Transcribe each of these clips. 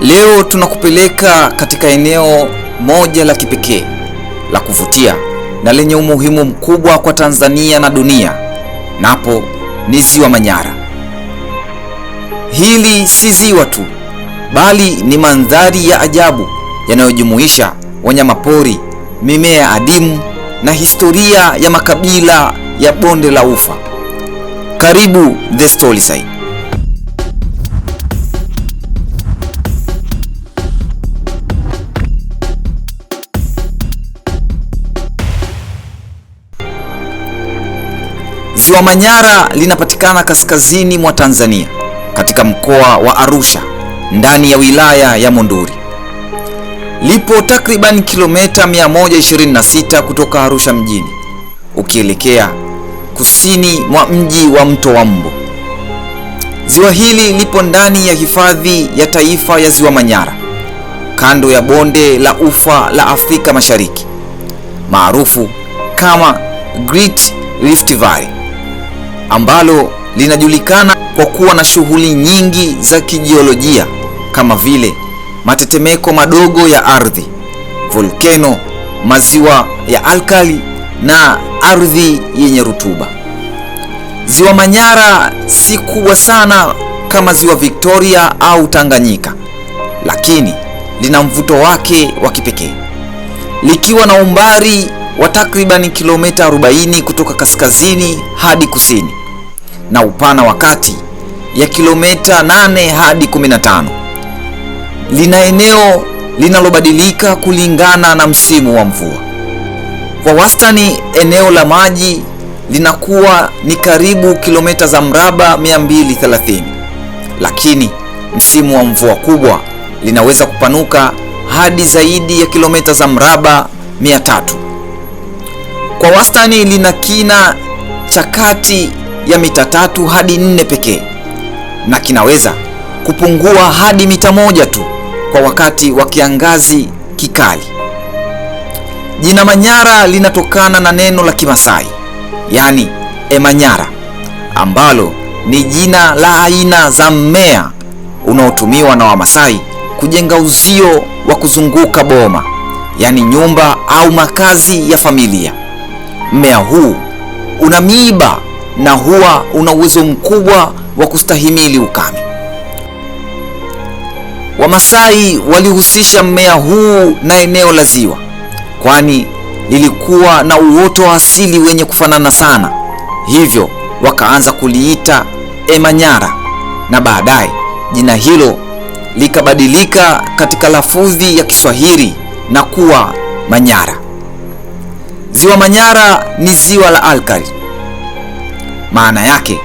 Leo tunakupeleka katika eneo moja la kipekee la kuvutia na lenye umuhimu mkubwa kwa Tanzania na dunia, napo ni Ziwa Manyara. Hili si ziwa tu, bali ni mandhari ya ajabu yanayojumuisha wanyamapori, mimea adimu na historia ya makabila ya bonde la Ufa. Karibu The Storyside. Ziwa Manyara linapatikana kaskazini mwa Tanzania katika mkoa wa Arusha ndani ya wilaya ya Monduli. Lipo takriban kilomita 126 kutoka Arusha mjini ukielekea kusini mwa mji wa Mto wa Mbo. Ziwa hili lipo ndani ya hifadhi ya taifa ya Ziwa Manyara kando ya bonde la ufa la Afrika Mashariki maarufu kama Great Rift Valley ambalo linajulikana kwa kuwa na shughuli nyingi za kijiolojia kama vile matetemeko madogo ya ardhi, volkeno, maziwa ya alkali na ardhi yenye rutuba. Ziwa Manyara si kubwa sana kama ziwa Victoria au Tanganyika, lakini lina mvuto wake wa kipekee likiwa na umbali wa takribani kilomita 40 kutoka kaskazini hadi kusini na upana wa kati ya kilomita 8 hadi 15. Lina eneo linalobadilika kulingana na msimu wa mvua. Kwa wastani, eneo la maji linakuwa ni karibu kilomita za mraba 230, lakini msimu wa mvua kubwa linaweza kupanuka hadi zaidi ya kilomita za mraba 300. Kwa wastani lina kina cha kati ya mita tatu hadi nne pekee na kinaweza kupungua hadi mita moja tu kwa wakati wa kiangazi kikali. Jina Manyara linatokana na neno la Kimasai yaani emanyara, ambalo ni jina la aina za mmea unaotumiwa na Wamasai kujenga uzio wa kuzunguka boma, yaani nyumba au makazi ya familia. Mmea huu una miiba na huwa una uwezo mkubwa wa kustahimili ukame. Wamasai walihusisha mmea huu na eneo la ziwa, kwani lilikuwa na uoto wa asili wenye kufanana sana, hivyo wakaanza kuliita Emanyara na baadaye jina hilo likabadilika katika lafudhi ya Kiswahili na kuwa Manyara. Ziwa Manyara ni ziwa la alkali maana yake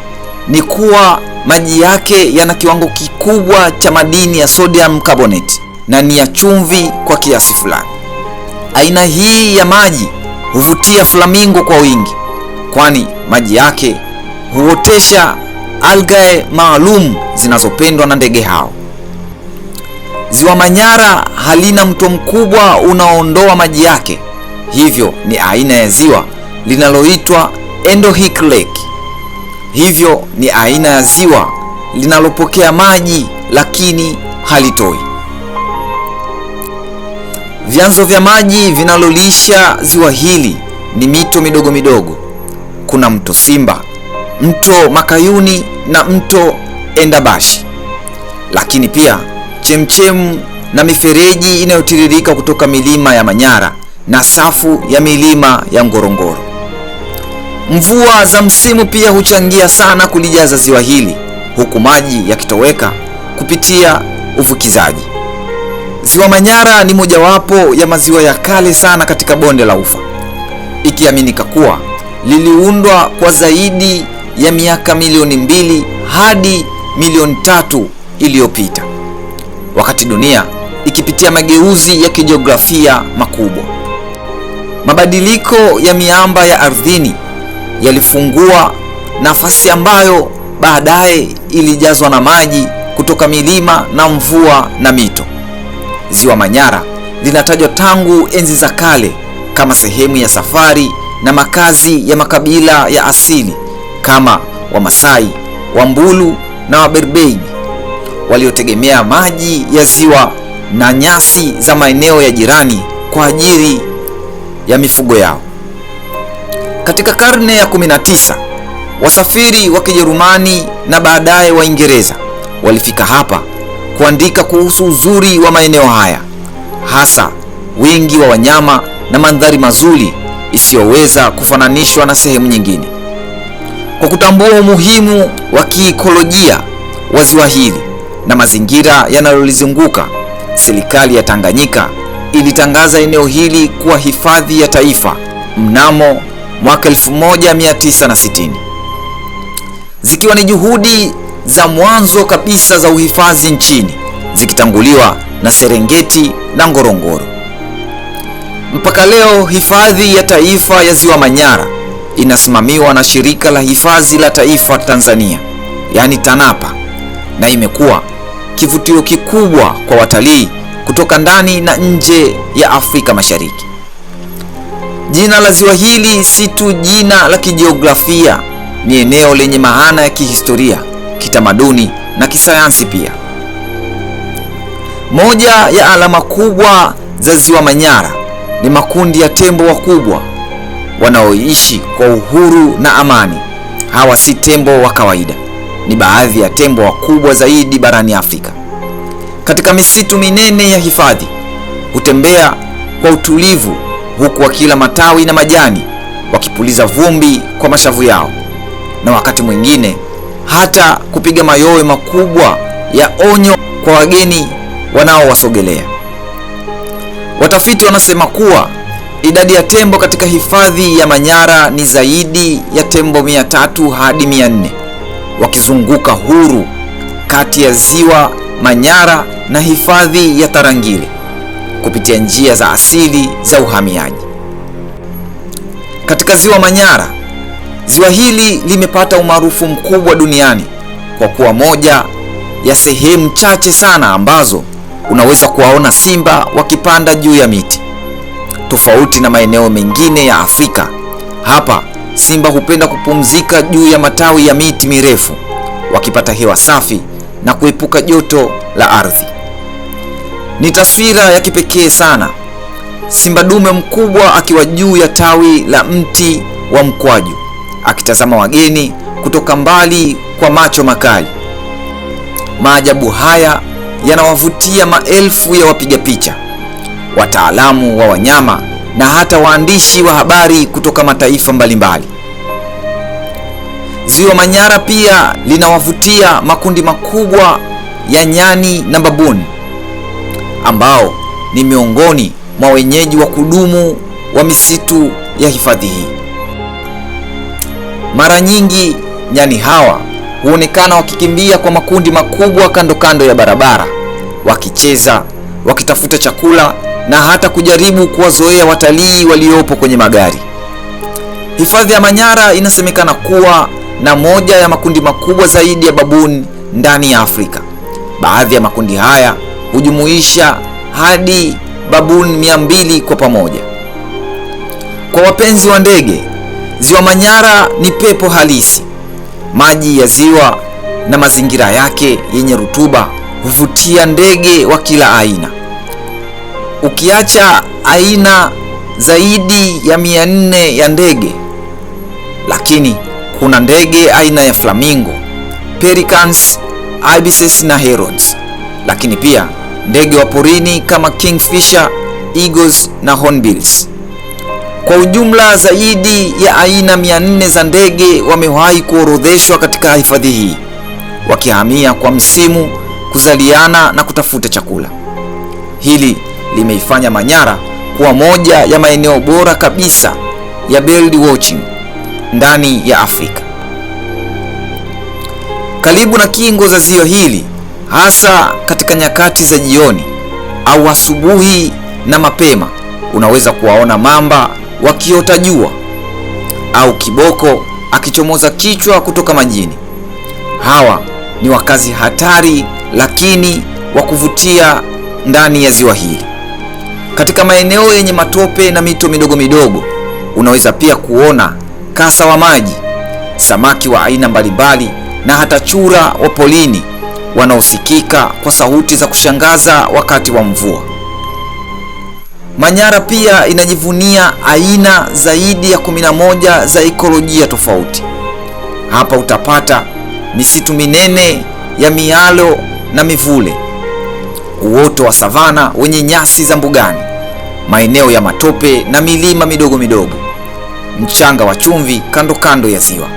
ni kuwa maji yake yana kiwango kikubwa cha madini ya sodium carbonate na ni ya chumvi kwa kiasi fulani. Aina hii ya maji huvutia flamingo kwa wingi, kwani maji yake huotesha algae maalum zinazopendwa na ndege hao. Ziwa Manyara halina mto mkubwa unaoondoa maji yake, hivyo ni aina ya ziwa linaloitwa endorheic lake. Hivyo ni aina ya ziwa linalopokea maji lakini halitoi. Vyanzo vya maji vinalolisha ziwa hili ni mito midogo midogo. Kuna mto Simba, mto Makayuni na mto Endabashi, lakini pia chemchemu na mifereji inayotiririka kutoka milima ya Manyara na safu ya milima ya Ngorongoro. Mvua za msimu pia huchangia sana kulijaza ziwa hili, huku maji yakitoweka kupitia uvukizaji. Ziwa Manyara ni mojawapo ya maziwa ya kale sana katika bonde la Ufa, ikiaminika kuwa liliundwa kwa zaidi ya miaka milioni mbili hadi milioni tatu iliyopita, wakati dunia ikipitia mageuzi ya kijiografia makubwa. Mabadiliko ya miamba ya ardhini yalifungua nafasi ambayo baadaye ilijazwa na maji kutoka milima na mvua na mito. Ziwa Manyara linatajwa tangu enzi za kale kama sehemu ya safari na makazi ya makabila ya asili kama Wamasai, Wambulu na Waberberi waliotegemea maji ya ziwa na nyasi za maeneo ya jirani kwa ajili ya mifugo yao. Katika karne ya 19 wasafiri wa Kijerumani na baadaye Waingereza walifika hapa kuandika kuhusu uzuri wa maeneo haya, hasa wingi wa wanyama na mandhari mazuri isiyoweza kufananishwa na sehemu nyingine. Kwa kutambua umuhimu wa kiikolojia wa ziwa hili na mazingira yanayolizunguka, serikali ya Tanganyika ilitangaza eneo hili kuwa hifadhi ya taifa mnamo mwaka 1960 zikiwa ni juhudi za mwanzo kabisa za uhifadhi nchini zikitanguliwa na Serengeti na Ngorongoro. Mpaka leo hifadhi ya taifa ya Ziwa Manyara inasimamiwa na shirika la hifadhi la taifa Tanzania, yaani TANAPA, na imekuwa kivutio kikubwa kwa watalii kutoka ndani na nje ya Afrika Mashariki. Jina la ziwa hili si tu jina la kijiografia, ni eneo lenye maana ya kihistoria, kitamaduni na kisayansi pia. Moja ya alama kubwa za ziwa Manyara ni makundi ya tembo wakubwa wanaoishi kwa uhuru na amani. Hawa si tembo wa kawaida, ni baadhi ya tembo wakubwa zaidi barani Afrika. Katika misitu minene ya hifadhi hutembea kwa utulivu huku wakila matawi na majani, wakipuliza vumbi kwa mashavu yao, na wakati mwingine hata kupiga mayowe makubwa ya onyo kwa wageni wanaowasogelea. Watafiti wanasema kuwa idadi ya tembo katika hifadhi ya Manyara ni zaidi ya tembo 300 hadi 400 wakizunguka huru kati ya ziwa Manyara na hifadhi ya Tarangire kupitia njia za asili za uhamiaji. Katika ziwa Manyara, ziwa hili limepata umaarufu mkubwa duniani kwa kuwa moja ya sehemu chache sana ambazo unaweza kuwaona simba wakipanda juu ya miti. Tofauti na maeneo mengine ya Afrika, hapa simba hupenda kupumzika juu ya matawi ya miti mirefu wakipata hewa safi na kuepuka joto la ardhi. Ni taswira ya kipekee sana, simba dume mkubwa akiwa juu ya tawi la mti wa mkwaju akitazama wageni kutoka mbali kwa macho makali. Maajabu haya yanawavutia maelfu ya wapiga picha, wataalamu wa wanyama na hata waandishi wa habari kutoka mataifa mbalimbali. Ziwa Manyara pia linawavutia makundi makubwa ya nyani na babuni ambao ni miongoni mwa wenyeji wa kudumu wa misitu ya hifadhi hii. Mara nyingi nyani hawa huonekana wakikimbia kwa makundi makubwa kando kando ya barabara, wakicheza, wakitafuta chakula na hata kujaribu kuwazoea watalii waliopo kwenye magari. Hifadhi ya Manyara inasemekana kuwa na moja ya makundi makubwa zaidi ya babuni ndani ya Afrika. Baadhi ya makundi haya hujumuisha hadi babun mia mbili kwa pamoja. Kwa wapenzi wa ndege, ziwa Manyara ni pepo halisi. Maji ya ziwa na mazingira yake yenye rutuba huvutia ndege wa kila aina. Ukiacha aina zaidi ya mia nne ya ndege, lakini kuna ndege aina ya flamingo, pelicans, ibises na herons, lakini pia ndege wa porini kama kingfisher, eagles na hornbills. Kwa ujumla zaidi ya aina 400 za ndege wamewahi kuorodheshwa katika hifadhi hii, wakihamia kwa msimu, kuzaliana na kutafuta chakula. Hili limeifanya Manyara kuwa moja ya maeneo bora kabisa ya bird watching ndani ya Afrika. Karibu na kingo za ziwa hili hasa katika nyakati za jioni au asubuhi na mapema. Unaweza kuwaona mamba wakiota jua au kiboko akichomoza kichwa kutoka majini. Hawa ni wakazi hatari lakini wa kuvutia ndani ya ziwa hili. Katika maeneo yenye matope na mito midogo midogo, unaweza pia kuona kasa wa maji, samaki wa aina mbalimbali na hata chura wa polini wanaosikika kwa sauti za kushangaza wakati wa mvua. Manyara pia inajivunia aina zaidi ya 11 za ekolojia tofauti. Hapa utapata misitu minene ya mialo na mivule, uoto wa savana wenye nyasi za mbugani, maeneo ya matope na milima midogo midogo, mchanga wa chumvi kando kando ya ziwa.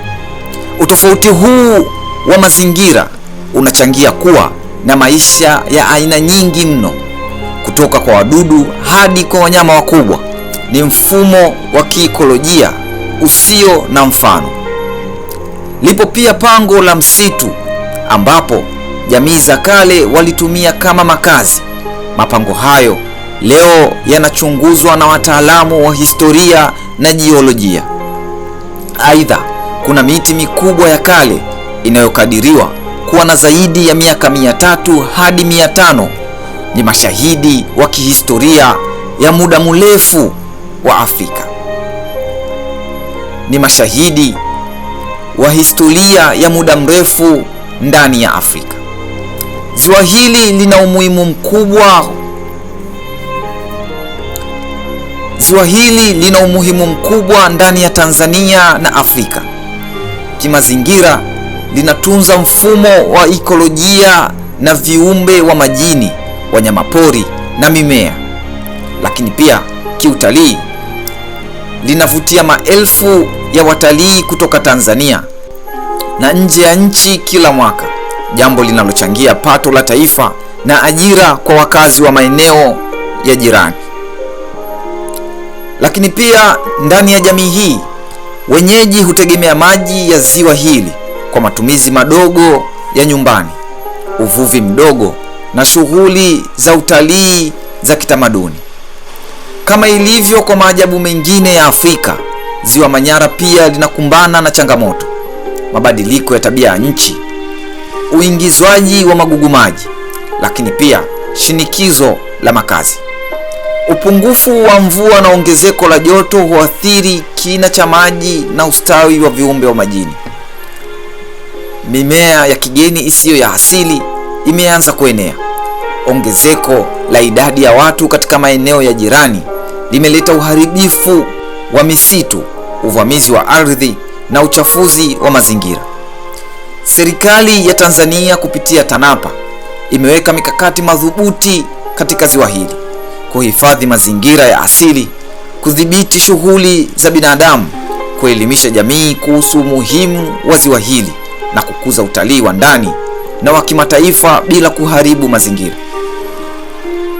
Utofauti huu wa mazingira unachangia kuwa na maisha ya aina nyingi mno, kutoka kwa wadudu hadi kwa wanyama wakubwa. Ni mfumo wa kiikolojia usio na mfano. Lipo pia pango la msitu ambapo jamii za kale walitumia kama makazi. Mapango hayo leo yanachunguzwa na wataalamu wa historia na jiolojia. Aidha, kuna miti mikubwa ya kale inayokadiriwa waliokuwa na zaidi ya miaka mia tatu hadi mia tano ni mashahidi wa kihistoria ya muda mrefu wa Afrika, ni mashahidi wa historia ya muda mrefu ndani ya Afrika. Ziwa hili lina umuhimu mkubwa, ziwa hili lina umuhimu mkubwa ndani ya Tanzania na Afrika kimazingira linatunza mfumo wa ikolojia na viumbe wa majini, wanyamapori na mimea. Lakini pia kiutalii, linavutia maelfu ya watalii kutoka Tanzania na nje ya nchi kila mwaka, jambo linalochangia pato la taifa na ajira kwa wakazi wa maeneo ya jirani. Lakini pia ndani ya jamii hii wenyeji hutegemea maji ya ziwa hili kwa matumizi madogo ya nyumbani, uvuvi mdogo na shughuli za utalii za kitamaduni. Kama ilivyo kwa maajabu mengine ya Afrika, ziwa Manyara pia linakumbana na changamoto: mabadiliko ya tabia ya nchi, uingizwaji wa magugu maji, lakini pia shinikizo la makazi. Upungufu wa mvua na ongezeko la joto huathiri kina cha maji na ustawi wa viumbe wa majini mimea ya kigeni isiyo ya asili imeanza kuenea. Ongezeko la idadi ya watu katika maeneo ya jirani limeleta uharibifu wa misitu, uvamizi wa ardhi na uchafuzi wa mazingira. Serikali ya Tanzania kupitia TANAPA imeweka mikakati madhubuti katika ziwa hili kuhifadhi mazingira ya asili, kudhibiti shughuli za binadamu, kuelimisha jamii kuhusu umuhimu wa ziwa hili na kukuza utalii wa ndani na wa kimataifa bila kuharibu mazingira.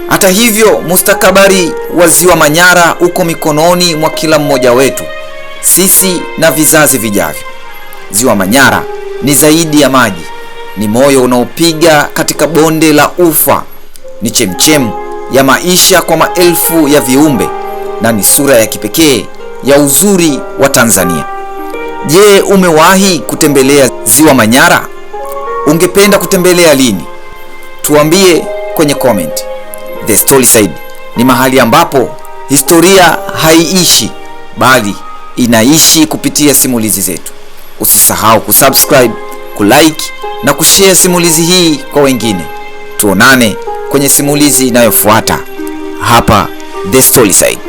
Hata hivyo, mustakabali wa Ziwa Manyara uko mikononi mwa kila mmoja wetu, sisi na vizazi vijavyo. Ziwa Manyara ni zaidi ya maji, ni moyo unaopiga katika bonde la ufa, ni chemchem ya maisha kwa maelfu ya viumbe na ni sura ya kipekee ya uzuri wa Tanzania. Je, umewahi kutembelea Ziwa Manyara ungependa kutembelea lini? Tuambie kwenye comment. The Story Side ni mahali ambapo historia haiishi bali inaishi kupitia simulizi zetu. Usisahau kusubscribe, kulike na kushare simulizi hii kwa wengine. Tuonane kwenye simulizi inayofuata hapa The Story Side.